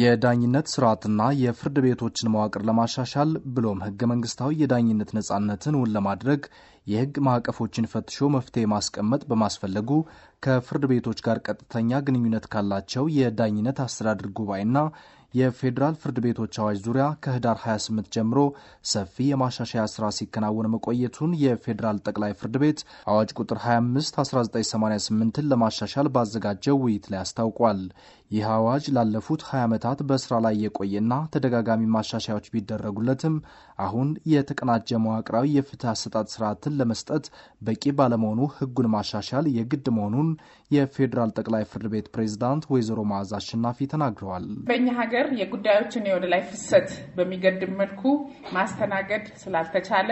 የዳኝነት ስርዓትና የፍርድ ቤቶችን መዋቅር ለማሻሻል ብሎም ህገ መንግስታዊ የዳኝነት ነጻነትን እውን ለማድረግ የህግ ማዕቀፎችን ፈትሾ መፍትሄ ማስቀመጥ በማስፈለጉ ከፍርድ ቤቶች ጋር ቀጥተኛ ግንኙነት ካላቸው የዳኝነት አስተዳደር ጉባኤና የፌዴራል ፍርድ ቤቶች አዋጅ ዙሪያ ከህዳር 28 ጀምሮ ሰፊ የማሻሻያ ስራ ሲከናወን መቆየቱን የፌዴራል ጠቅላይ ፍርድ ቤት አዋጅ ቁጥር 25 1988ን ለማሻሻል ባዘጋጀው ውይይት ላይ አስታውቋል። ይህ አዋጅ ላለፉት 20 ዓመታት በስራ ላይ የቆየና ተደጋጋሚ ማሻሻያዎች ቢደረጉለትም አሁን የተቀናጀ መዋቅራዊ የፍትህ አሰጣጥ ስርዓትን ለመስጠት በቂ ባለመሆኑ ህጉን ማሻሻል የግድ መሆኑን የፌዴራል ጠቅላይ ፍርድ ቤት ፕሬዝዳንት ወይዘሮ መዓዛ አሸናፊ ተናግረዋል። በእኛ ሀገር የጉዳዮችን የወደ ላይ ፍሰት በሚገድም መልኩ ማስተናገድ ስላልተቻለ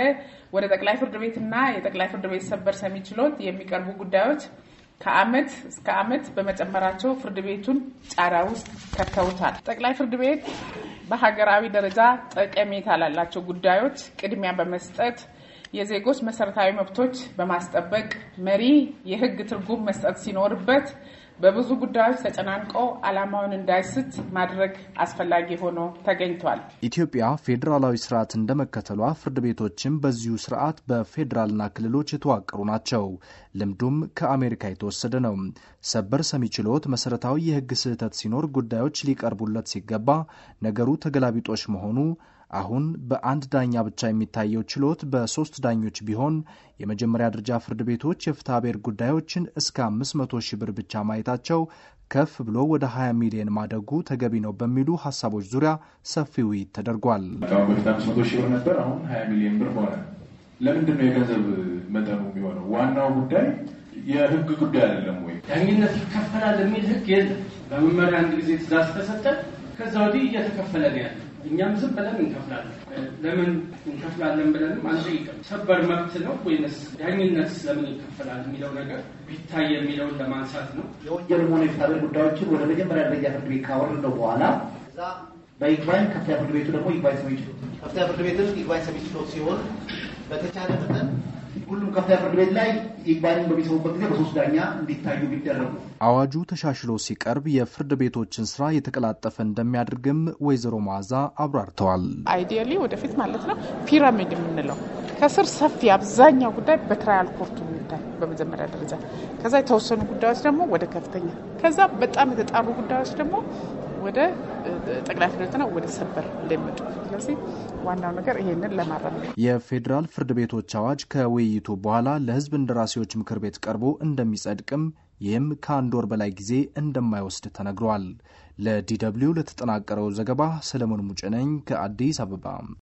ወደ ጠቅላይ ፍርድ ቤትና የጠቅላይ ፍርድ ቤት ሰበር ሰሚ ችሎት የሚቀርቡ ጉዳዮች ከአመት እስከ አመት በመጨመራቸው ፍርድ ቤቱን ጫራ ውስጥ ከተውታል። ጠቅላይ ፍርድ ቤት በሀገራዊ ደረጃ ጠቀሜታ ላላቸው ጉዳዮች ቅድሚያ በመስጠት የዜጎች መሰረታዊ መብቶች በማስጠበቅ መሪ የሕግ ትርጉም መስጠት ሲኖርበት በብዙ ጉዳዮች ተጨናንቆ ዓላማውን እንዳይስት ማድረግ አስፈላጊ ሆኖ ተገኝቷል። ኢትዮጵያ ፌዴራላዊ ስርዓት እንደመከተሏ ፍርድ ቤቶችም በዚሁ ስርዓት በፌዴራልና ክልሎች የተዋቀሩ ናቸው። ልምዱም ከአሜሪካ የተወሰደ ነው። ሰበር ሰሚ ችሎት መሰረታዊ የህግ ስህተት ሲኖር ጉዳዮች ሊቀርቡለት ሲገባ ነገሩ ተገላቢጦሽ መሆኑ አሁን በአንድ ዳኛ ብቻ የሚታየው ችሎት በሶስት ዳኞች ቢሆን የመጀመሪያ ደረጃ ፍርድ ቤቶች የፍትሐ ብሔር ጉዳዮችን እስከ 500 ሺህ ብር ብቻ ማየት ውጤታቸው ከፍ ብሎ ወደ 20 ሚሊዮን ማደጉ ተገቢ ነው በሚሉ ሀሳቦች ዙሪያ ሰፊ ውይይት ተደርጓል። እቃውን መቶ ሺህ ብር ነበር፣ አሁን 20 ሚሊዮን ብር ሆነ። ለምንድን ነው የገንዘብ መጠኑ የሚሆነው? ዋናው ጉዳይ የህግ ጉዳይ አይደለም ወይ? ዳኝነት ይከፈላል የሚል ህግ የለም። በመመሪያ አንድ ጊዜ ትእዛዝ ተሰጠ። ከዛ ወዲህ እየተከፈለ ነው ያለ። እኛም ዝም ብለን እንከፍላለን። ለምን እንከፍላለን ብለንም አንጠይቅም። ሰበር መብት ነው ወይስ ዳኝነት ለምን ይከፈላል የሚለው ነገር ቢታይ የሚለውን ለማንሳት ነው። የወንጀልም ሆነ የፍትሐብሔር ጉዳዮችን ወደ መጀመሪያ ደረጃ ፍርድ ቤት ካወረድነው በኋላ በይግባኝ ከፍተኛ ፍርድ ቤቱ ደግሞ ይግባኝ ሰሚ ችሎት ከፍተኛ ፍርድ ቤትም ይግባኝ ሰሚ ችሎት ሲሆን በተቻለ መጠን ሁሉም ከፍተኛ ፍርድ ቤት ላይ ይግባኝ በሚሰሙበት ጊዜ በሶስት ዳኛ እንዲታዩ ቢደረጉ። አዋጁ ተሻሽሎ ሲቀርብ የፍርድ ቤቶችን ስራ የተቀላጠፈ እንደሚያደርግም ወይዘሮ መዓዛ አብራርተዋል። አይዲያሊ ወደፊት ማለት ነው ፒራሚድ የምንለው ከስር ሰፊ አብዛኛው ጉዳይ በትራያል ኮርቱ የሚታይ በመጀመሪያ ደረጃ፣ ከዛ የተወሰኑ ጉዳዮች ደግሞ ወደ ከፍተኛ፣ ከዛ በጣም የተጣሩ ጉዳዮች ደግሞ ወደ ጠቅላይ ቤትና ወደ ሰበር እንደሚመጡ ስለዚህ ዋናው ነገር ይሄንን ለማረም የፌዴራል ፍርድ ቤቶች አዋጅ ከውይይቱ በኋላ ለህዝብ እንደራሴዎች ምክር ቤት ቀርቦ እንደሚጸድቅም ይህም ከአንድ ወር በላይ ጊዜ እንደማይወስድ ተነግሯል። ለዲ ደብልዩ ለተጠናቀረው ዘገባ ሰለሞን ሙጭነኝ ከአዲስ አበባ